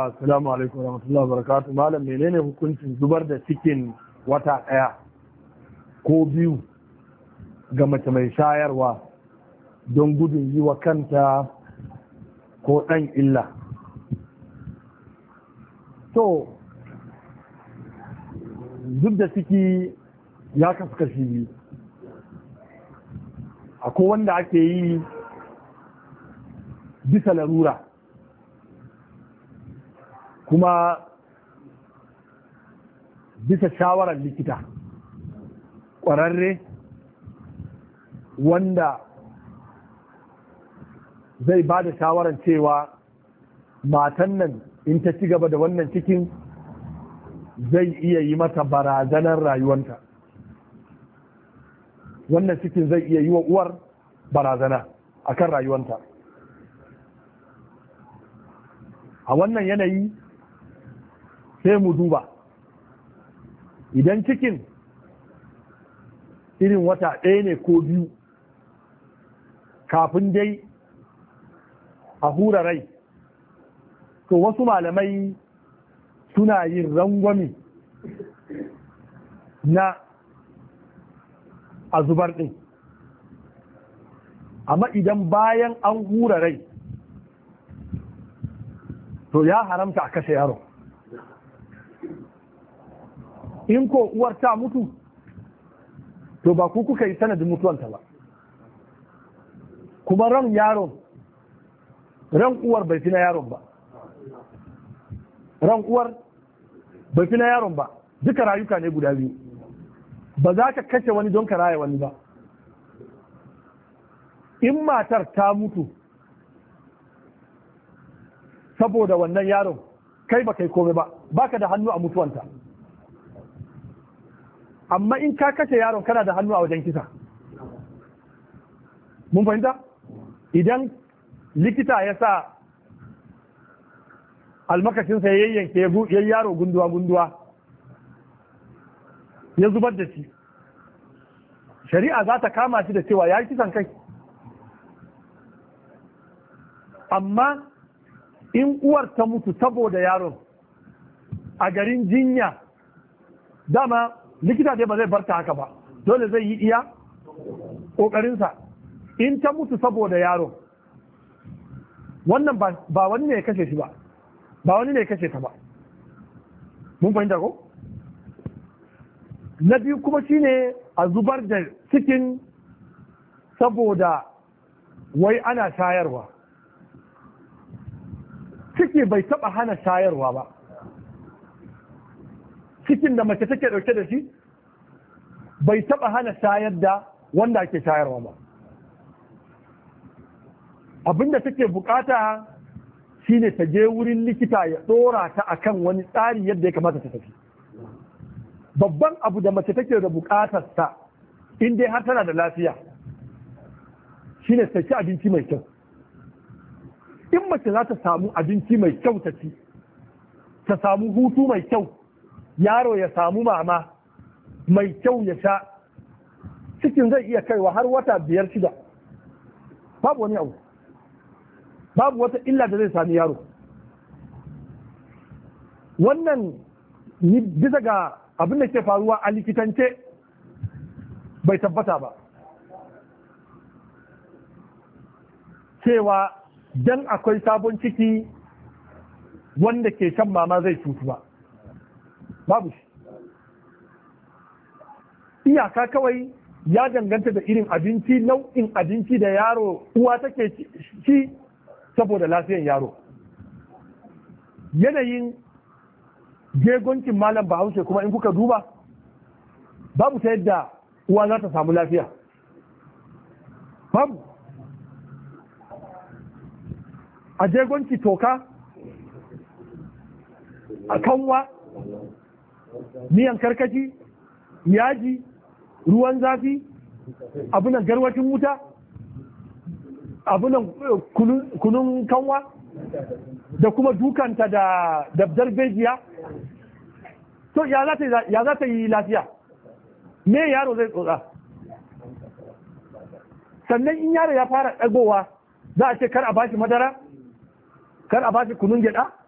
Assalamu alaikum wa rahmatullahi wa barakatuh. Malam menene hukuncin zubar da cikin wata ɗaya ko biyu ga mace mai shayarwa don gudun yi wa kanta ko ɗan illa. To, zub da ciki ya kaskashi biyu. Akwai wanda ake yi bisa larura. kuma bisa shawarar likita ƙwararre wanda zai ba da shawarar cewa matan nan in ta ci gaba da wannan cikin zai iya yi mata barazanar rayuwanta wannan cikin zai iya yi wa uwar barazana a kan rayuwanta a wannan yanayi sai mu duba idan cikin irin wata ɗaya ne ko biyu kafin dai a hura rai to wasu malamai suna yin rangwami na a zubar ɗin amma idan bayan an hura rai to ya haramta a kashe yaro in ko uwar ta mutu to ba ku kuka yi sanadin mutuwanta ba kuma ran yaron ran uwar bai fi na yaron ba ran uwar bai fi na yaron ba duka rayuka ne guda biyu ba za ka kashe wani don ka raya wani ba in matar ta mutu saboda wannan yaron kai ba kai kome ba baka da hannu a mutuwanta amma in ka kashe yaron kana da hannu a wajen kisa mun fahimta idan likita ya sa almakashinsa ya yayyanke ya yaro gunduwa gunduwa ya zubar da shi shari'a za ta kama shi da cewa ya yi kisan kai amma in uwar ta mutu saboda yaron a garin jinya dama likita dai ba zai barta haka ba dole zai yi iya ƙoƙarinsa in ta mutu saboda yaro wannan ba wani ne ya kashe shi ba ba wani ne ya kashe ta ba mun fahimta ko na biyu kuma shine a zubar da cikin saboda wai ana shayarwa ciki bai taɓa hana shayarwa ba cikin da mace take dauke da shi bai taba hana shayar da wanda ake shayarwa ba Abin abinda take bukata shine ta je wurin likita ya dora ta kan wani tsari yadda ya kamata ta tafi babban abu da mace take da bukatar ta in dai har tana da lafiya shine ta ci abinci mai kyau in mace za ta samu abinci mai kyau ta ci ta samu hutu mai kyau yaro ya samu mama mai kyau ya sha cikin zai iya kaiwa har wata biyar shida babu wani abu babu wata illa da zai sami yaro wannan bisa ga abin da ke faruwa a likitance bai tabbata ba cewa dan akwai sabon ciki wanda ke shan mama zai cutu ba babu shi iyaka kawai ya danganta da irin abinci nau'in abinci da yaro uwa take ci saboda lafiyan yaro yanayin jegoncin malam haushe kuma in kuka duba babu ta yadda uwa za ta samu lafiya babu a jegonci toka a kanwa miyan karkashi yaji ruwan zafi abunan garwacin wuta abunan eh, kunun kanwa da kuma dukanta da dabdar bejiya to ya za ta yi lafiya me yaro zai tsotsa sannan in yaro ya fara ɗagowa za a ce kar a bashi madara kar a bashi kunun gyaɗa